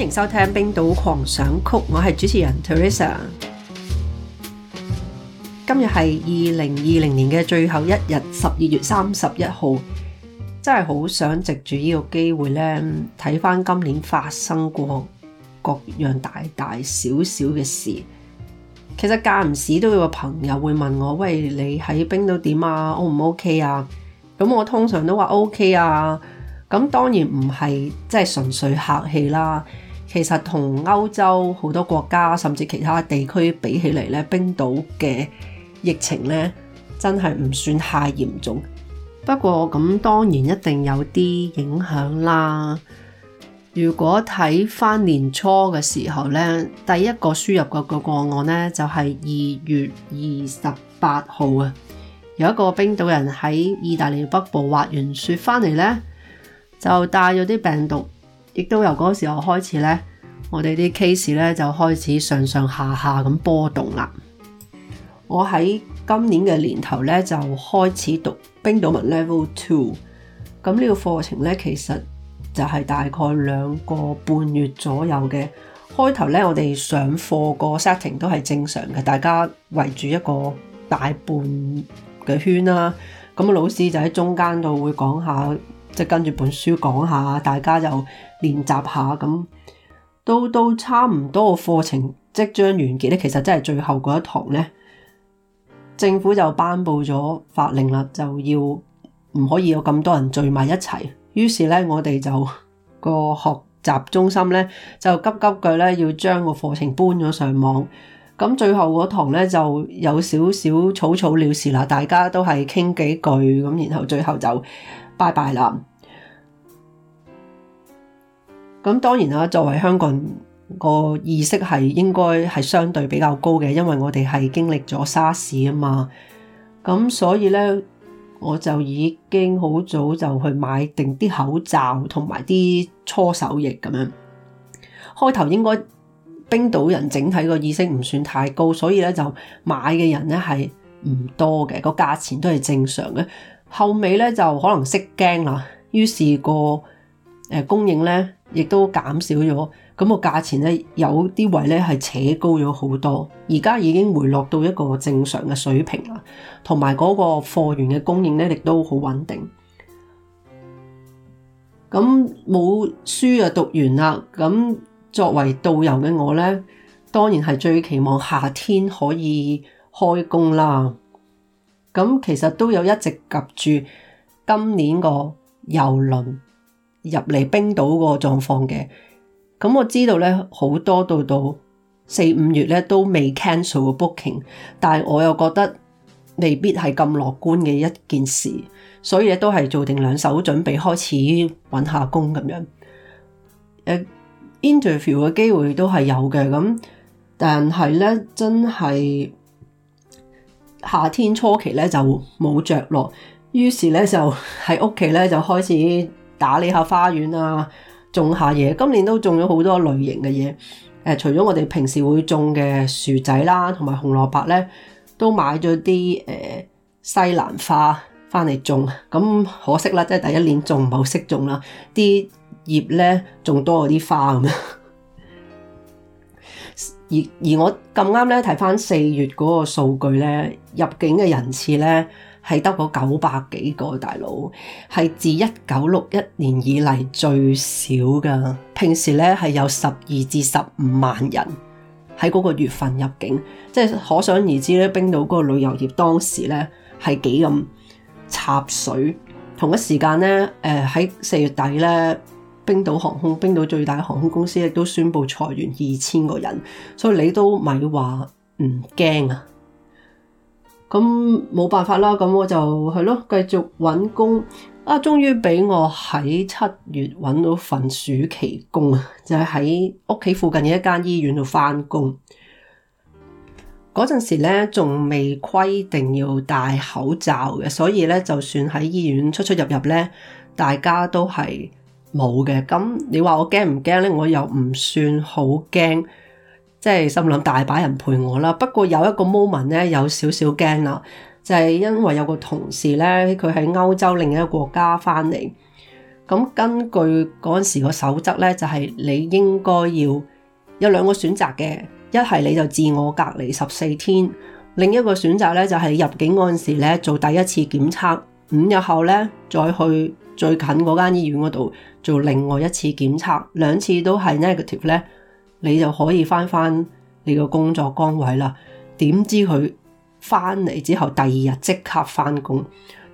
歡迎收聽冰島狂想曲，我係主持人 Teresa。今日係二零二零年嘅最後一日，十二月三十一號，真係好想藉住呢個機會咧，睇翻今年發生過各樣大大小小嘅事。其實間唔時都有個朋友會問我：喂，你喺冰島點啊？O 唔 OK 啊？咁我通常都話 OK 啊。咁當然唔係即係純粹客氣啦。其實同歐洲好多國家，甚至其他地區比起嚟咧，冰島嘅疫情咧真係唔算太嚴重。不過咁當然一定有啲影響啦。如果睇翻年初嘅時候咧，第一個輸入嘅個個案咧就係二月二十八號啊，有一個冰島人喺意大利北部滑完雪翻嚟咧，就帶咗啲病毒。亦都由嗰時候開始呢，我哋啲 case 呢就開始上上下下咁波動啦。我喺今年嘅年頭呢，就開始讀冰島文 Level Two，咁呢個課程呢，其實就係大概兩個半月左右嘅。開頭呢，我哋上課個 setting 都係正常嘅，大家圍住一個大半嘅圈啦。咁老師就喺中間度會講下。即跟住本書講下，大家就練習下咁。到到差唔多個課程即將完結咧，其實真係最後嗰一堂呢，政府就頒佈咗法令啦，就要唔可以有咁多人聚埋一齊。於是呢，我哋就個學習中心呢，就急急腳呢，要將個課程搬咗上網。咁最後嗰堂呢，就有少少草草了事啦，大家都係傾幾句咁，然後最後就拜拜啦。咁當然啦，作為香港人個意識係應該係相對比較高嘅，因為我哋係經歷咗沙士啊嘛。咁所以咧，我就已經好早就去買定啲口罩同埋啲搓手液咁樣。開頭應該冰島人整體個意識唔算太高，所以咧就買嘅人咧係唔多嘅，個價錢都係正常嘅。後尾咧就可能識驚啦，於是個。誒供應咧，亦都減少咗，咁個價錢咧有啲位咧係扯高咗好多，而家已經回落到一個正常嘅水平啦。同埋嗰個貨源嘅供應咧，亦都好穩定。咁冇書啊，讀完啦。咁作為導遊嘅我咧，當然係最期望夏天可以開工啦。咁其實都有一直及住今年個郵輪。入嚟冰島嗰個狀況嘅，咁我知道咧好多到到四五月咧都未 cancel 嘅 booking，但係我又覺得未必係咁樂觀嘅一件事，所以都係做定兩手準備，開始揾下工咁樣，誒 interview 嘅機會都係有嘅，咁但係咧真係夏天初期咧就冇着落，於是咧就喺屋企咧就開始。打理下花園啊，種下嘢。今年都種咗好多類型嘅嘢、呃。除咗我哋平時會種嘅薯仔啦，同埋紅蘿蔔咧，都買咗啲、呃、西蘭花翻嚟種。咁可惜啦，即係第一年種唔好識種啦，啲葉咧仲多咗啲花咁樣。而而我咁啱咧睇翻四月嗰個數據咧，入境嘅人次咧。係得嗰九百幾個大佬，係自一九六一年以嚟最少㗎。平時咧係有十二至十五萬人喺嗰個月份入境，即係可想而知咧，冰島嗰個旅遊業當時咧係幾咁插水。同一時間咧，誒喺四月底咧，冰島航空、冰島最大嘅航空公司亦都宣布裁員二千個人，所以你都咪話唔驚啊？咁冇辦法啦，咁我就係咯，繼續揾工。啊，終於俾我喺七月揾到份暑期工，就係喺屋企附近嘅一間醫院度翻工。嗰陣時呢，仲未規定要戴口罩嘅，所以呢，就算喺醫院出出入入呢，大家都係冇嘅。咁你話我驚唔驚呢？我又唔算好驚。即係心諗大把人陪我啦，不過有一個 moment 咧有少少驚啦，就係因為有個同事咧，佢喺歐洲另一個國家翻嚟，咁根據嗰陣時個守則咧，就係你應該要有兩個選擇嘅，一係你就自我隔離十四天，另一個選擇咧就係入境嗰陣時咧做第一次檢測，五日後咧再去最近嗰間醫院嗰度做另外一次檢測，兩次都係 negative 咧。你就可以翻翻你個工作崗位啦。點知佢翻嚟之後，第二日即刻翻工。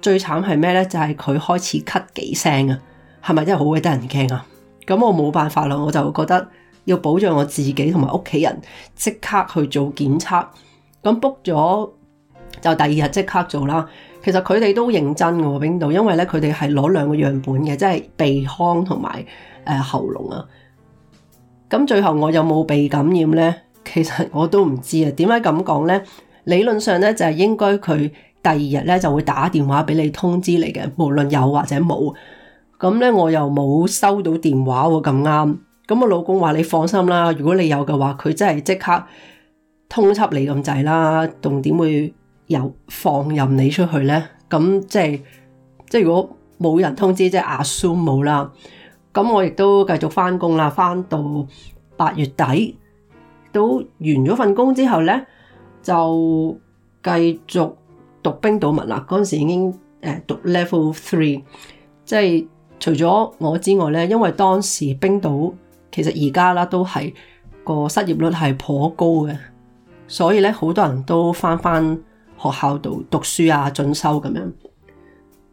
最慘係咩呢？就係、是、佢開始咳幾聲啊！係咪真係好鬼得人驚啊？咁我冇辦法啦，我就覺得要保障我自己同埋屋企人，即刻去做檢測。咁 book 咗就第二日即刻做啦。其實佢哋都認真喎、啊，冰島，因為咧佢哋係攞兩個樣本嘅，即係鼻腔同埋、呃、喉嚨啊。咁最後我有冇被感染呢？其實我都唔知啊。點解咁講呢？理論上呢，就係應該佢第二日呢就會打電話俾你通知你嘅，無論有或者冇。咁呢，我又冇收到電話喎，咁啱。咁我老公話你放心啦，如果你有嘅話，佢真係即刻通緝你咁滯啦，重點會有放任你出去呢？咁、就是、即係即係如果冇人通知，即係阿 s s u 啦。咁我亦都繼續翻工啦，翻到八月底都完咗份工之後呢，就繼續讀冰島文啦。嗰陣時已經誒讀 level three，即係除咗我之外呢，因為當時冰島其實而家啦都係個失業率係頗高嘅，所以呢好多人都翻翻學校度讀書啊、進修咁樣。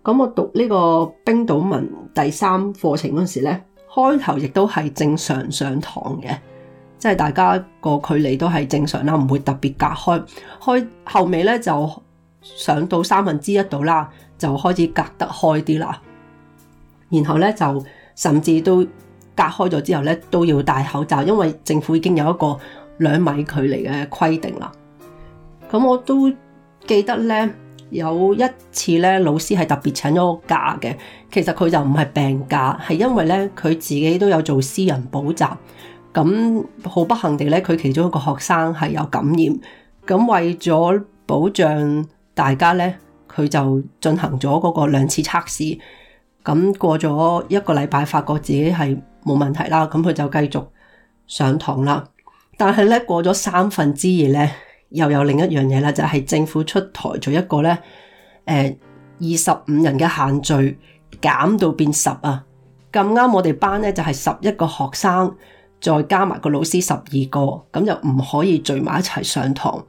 咁我讀呢個冰島文第三課程嗰時呢，開頭亦都係正常上堂嘅，即係大家個距離都係正常啦，唔會特別隔開。開後尾呢，就上到三分之一度啦，就開始隔得開啲啦。然後呢，就甚至都隔開咗之後呢，都要戴口罩，因為政府已經有一個兩米距離嘅規定啦。咁我都記得呢。有一次咧，老師係特別請咗個假嘅。其實佢就唔係病假，係因為咧佢自己都有做私人補習。咁好不幸地咧，佢其中一個學生係有感染。咁為咗保障大家咧，佢就進行咗嗰個兩次測試。咁過咗一個禮拜，發覺自己係冇問題啦。咁佢就繼續上堂啦。但係咧，過咗三分之二咧。又有另一樣嘢啦，就係政府出台咗一個咧，誒二十五人嘅限聚減到變十啊，咁啱我哋班咧就係十一個學生，再加埋個老師十二個，咁就唔可以聚埋一齊上堂。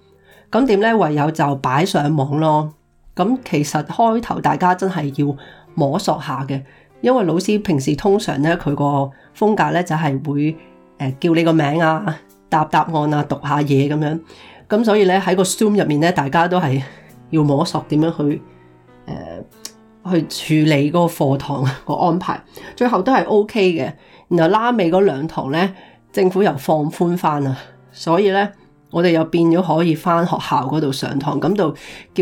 咁點咧？唯有就擺上網咯。咁其實開頭大家真係要摸索下嘅，因為老師平時通常咧佢個風格咧就係會誒叫你個名啊、答答案啊、讀下嘢咁樣。咁所以咧喺個 Zoom 入面咧，大家都係要摸索點樣去誒、呃、去處理嗰個課堂個安排，最後都係 OK 嘅。然後拉尾嗰兩堂咧，政府又放寬翻啦，所以咧我哋又變咗可以翻學校嗰度上堂，咁就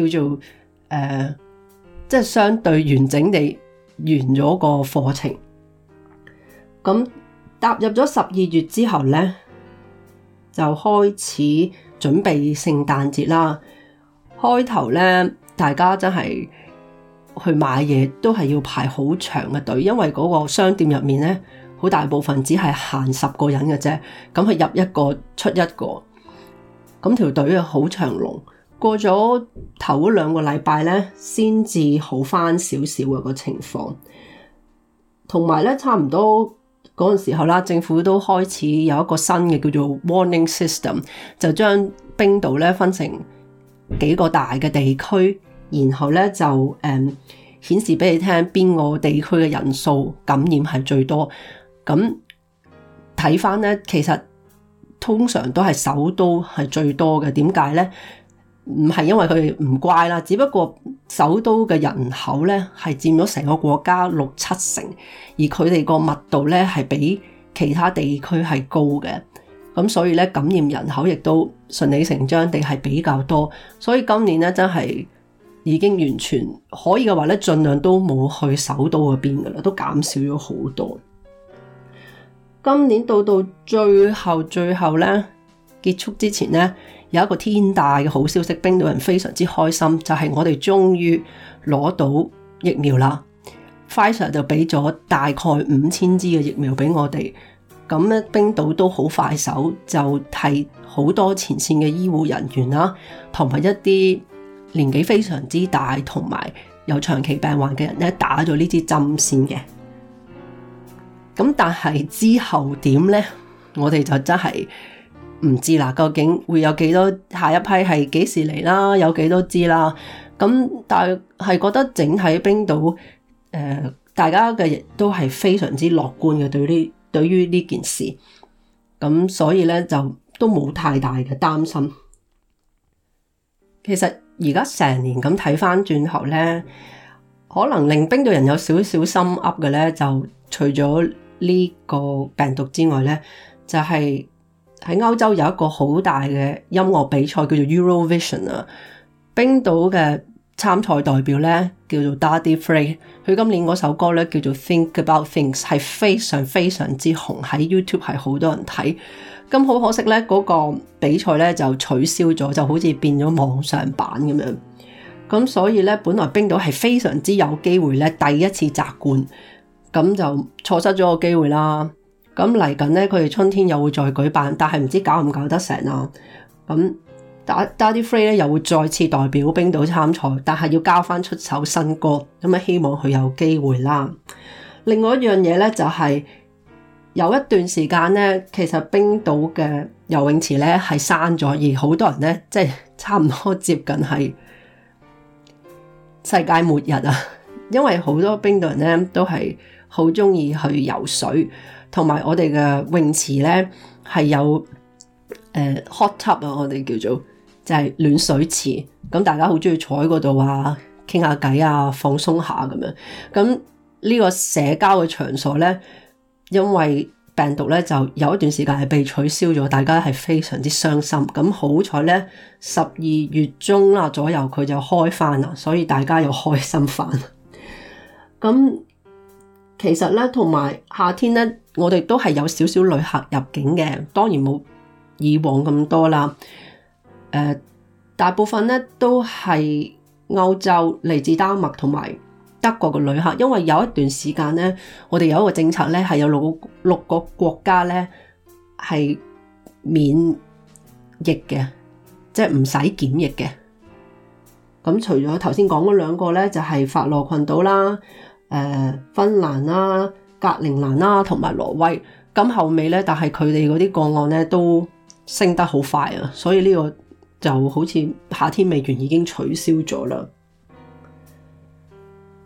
叫做誒即係相對完整地完咗個課程。咁踏入咗十二月之後咧。就開始準備聖誕節啦。開頭咧，大家真係去買嘢都係要排好長嘅隊，因為嗰個商店入面咧，好大部分只係限十個人嘅啫。咁佢入一個出一個，咁條隊啊好長龍。過咗頭兩個禮拜咧，先至好翻少少嘅個情況。同埋咧，差唔多。嗰陣時候啦，政府都開始有一個新嘅叫做 Warning System，就將冰島咧分成幾個大嘅地區，然後咧就誒、嗯、顯示俾你聽邊個地區嘅人數感染係最多。咁睇翻咧，其實通常都係首都係最多嘅，點解咧？唔係因為佢哋唔乖啦，只不過首都嘅人口咧係佔咗成個國家六七成，而佢哋個密度咧係比其他地區係高嘅，咁所以咧感染人口亦都順理成章地係比較多，所以今年咧真係已經完全可以嘅話咧，盡量都冇去首都嗰邊噶啦，都減少咗好多。今年到到最後最後咧。結束之前呢，有一個天大嘅好消息，冰島人非常之開心，就係我哋終於攞到疫苗啦。Pfizer 就俾咗大概五千支嘅疫苗俾我哋，咁咧冰島都好快手，就替好多前線嘅醫護人員啦，同埋一啲年紀非常之大同埋有長期病患嘅人咧，打咗呢支針先嘅。咁但係之後點呢？我哋就真係～唔知啦，究竟會有幾多下一批係幾時嚟啦？有幾多支啦？咁但係覺得整體冰島、呃、大家嘅亦都係非常之樂觀嘅。對呢對於呢件事，咁所以咧就都冇太大嘅擔心。其實而家成年咁睇翻轉頭咧，可能令冰島人有少少心噏嘅咧，就除咗呢個病毒之外咧，就係、是。喺歐洲有一個好大嘅音樂比賽叫做 Eurovision 啊，冰島嘅參賽代表咧叫做 Daddy Frey，佢今年嗰首歌咧叫做 Think About Things，係非常非常之紅，喺 YouTube 係好多人睇。咁好可惜咧，嗰個比賽咧就取消咗，就好似變咗網上版咁樣。咁所以咧，本來冰島係非常之有機會咧，第一次摘冠，咁就錯失咗個機會啦。咁嚟緊咧，佢哋春天又會再舉辦，但係唔知搞唔搞得成啊！咁，Daddy Free 咧又會再次代表冰島參賽，但係要交翻出首新歌，咁啊希望佢有機會啦。另外一樣嘢咧，就係有一段時間咧，其實冰島嘅游泳池咧係閂咗，而好多人咧即係差唔多接近係世界末日啊！因為好多冰島人咧都係好中意去游水。同埋我哋嘅泳池呢，係有誒、呃、hot tub 啊，我哋叫做就係、是、暖水池。咁大家好中意坐喺嗰度啊，傾下偈啊，放鬆下咁樣。咁呢個社交嘅場所呢，因為病毒呢，就有一段時間係被取消咗，大家係非常之傷心。咁好彩呢，十二月中啦左右佢就開返啦，所以大家又開心返。咁。其實咧，同埋夏天咧，我哋都係有少少旅客入境嘅，當然冇以往咁多啦。誒、呃，大部分咧都係歐洲嚟自丹麥同埋德國嘅旅客，因為有一段時間咧，我哋有一個政策咧，係有六六個國家咧係免疫嘅，即係唔使檢疫嘅。咁除咗頭先講嗰兩個咧，就係、係、法羅群島啦。誒、呃，芬蘭啦、格陵蘭啦、同埋挪威，咁後尾呢，但係佢哋嗰啲個案呢都升得好快啊，所以呢個就好似夏天未完已經取消咗啦。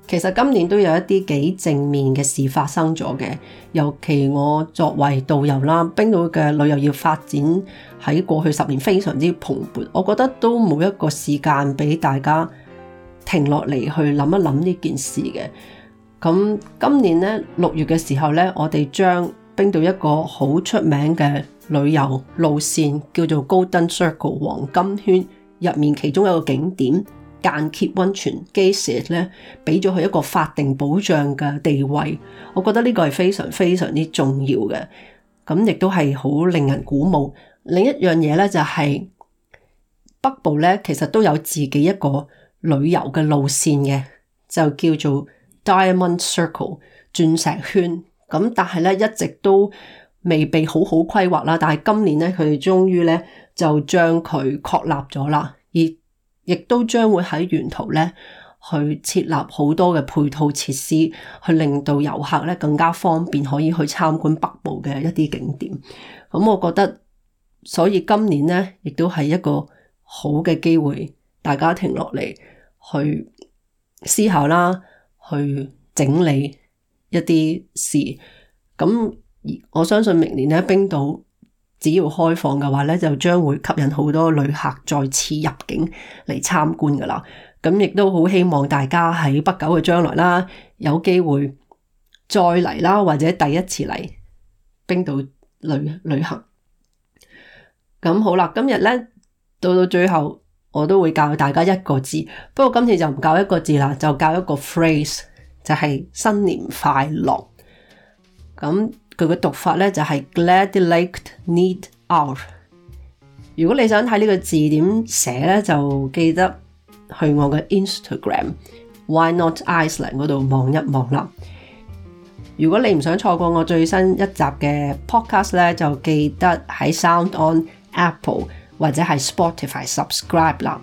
其實今年都有一啲幾正面嘅事發生咗嘅，尤其我作為導遊啦，冰島嘅旅遊業發展喺過去十年非常之蓬勃，我覺得都冇一個時間俾大家停落嚟去諗一諗呢件事嘅。咁今年六月嘅時候呢，我哋將冰島一個好出名嘅旅遊路線叫做 Golden Circle 黃金圈入面其中一個景點間歇溫泉 Geysir 呢俾咗佢一個法定保障嘅地位。我覺得呢個係非常非常之重要嘅，咁亦都係好令人鼓舞。另一樣嘢呢，就係、是、北部呢，其實都有自己一個旅遊嘅路線嘅，就叫做。Diamond Circle 鑽石圈，咁，但係咧一直都未被好好規劃啦。但係今年咧，佢哋終於咧就將佢確立咗啦，而亦都將會喺沿途咧去設立好多嘅配套設施，去令到遊客咧更加方便可以去參觀北部嘅一啲景點。咁我覺得，所以今年咧亦都係一個好嘅機會，大家停落嚟去思考啦。去整理一啲事，咁我相信明年呢冰島只要開放嘅話呢，就將會吸引好多旅客再次入境嚟參觀㗎喇。咁亦都好希望大家喺不久嘅將來啦，有機會再嚟啦，或者第一次嚟冰島旅旅行。咁好啦，今日呢到到最後。我都會教大家一個字，不過今次就唔教一個字啦，就教一個 phrase，就係新年快樂。咁佢嘅讀法咧就係、是、gladly lacked need our。如果你想睇呢個字點寫咧，就記得去我嘅 Instagram，Why Not Iceland 嗰度望一望啦。如果你唔想錯過我最新一集嘅 podcast 咧，就記得喺 Sound On Apple。或者係 Spotify subscribe 啦。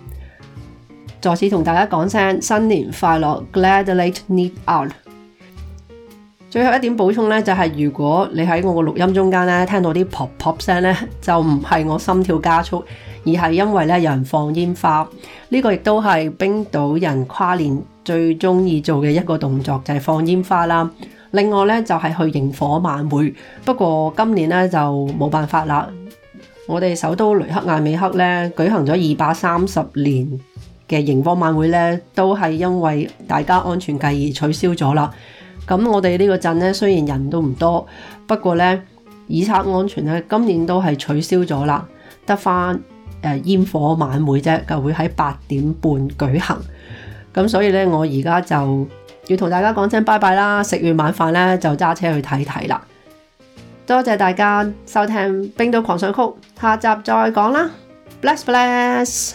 再次同大家講聲新年快樂，Gleðilegt nýtt ár。最後一點補充呢，就係、是、如果你喺我嘅錄音中間呢聽到啲 pop pop 聲呢，就唔係我心跳加速，而係因為有人放煙花。呢、這個亦都係冰島人跨年最中意做嘅一個動作，就係、是、放煙花啦。另外呢，就係、是、去迎火晚會，不過今年呢，就冇辦法啦。我哋首都雷克雅未克呢，舉行咗二百三十年嘅營火晚會呢，都係因為大家安全計而取消咗啦。咁我哋呢個鎮呢，雖然人都唔多，不過呢，以策安全呢，今年都係取消咗啦，得返煙火晚會啫，就會喺八點半舉行。咁所以呢，我而家就要同大家講聲拜拜啦。食完晚飯呢，就揸車去睇睇啦。多謝大家收聽《冰島狂想曲》，下集再講啦 Bless Bless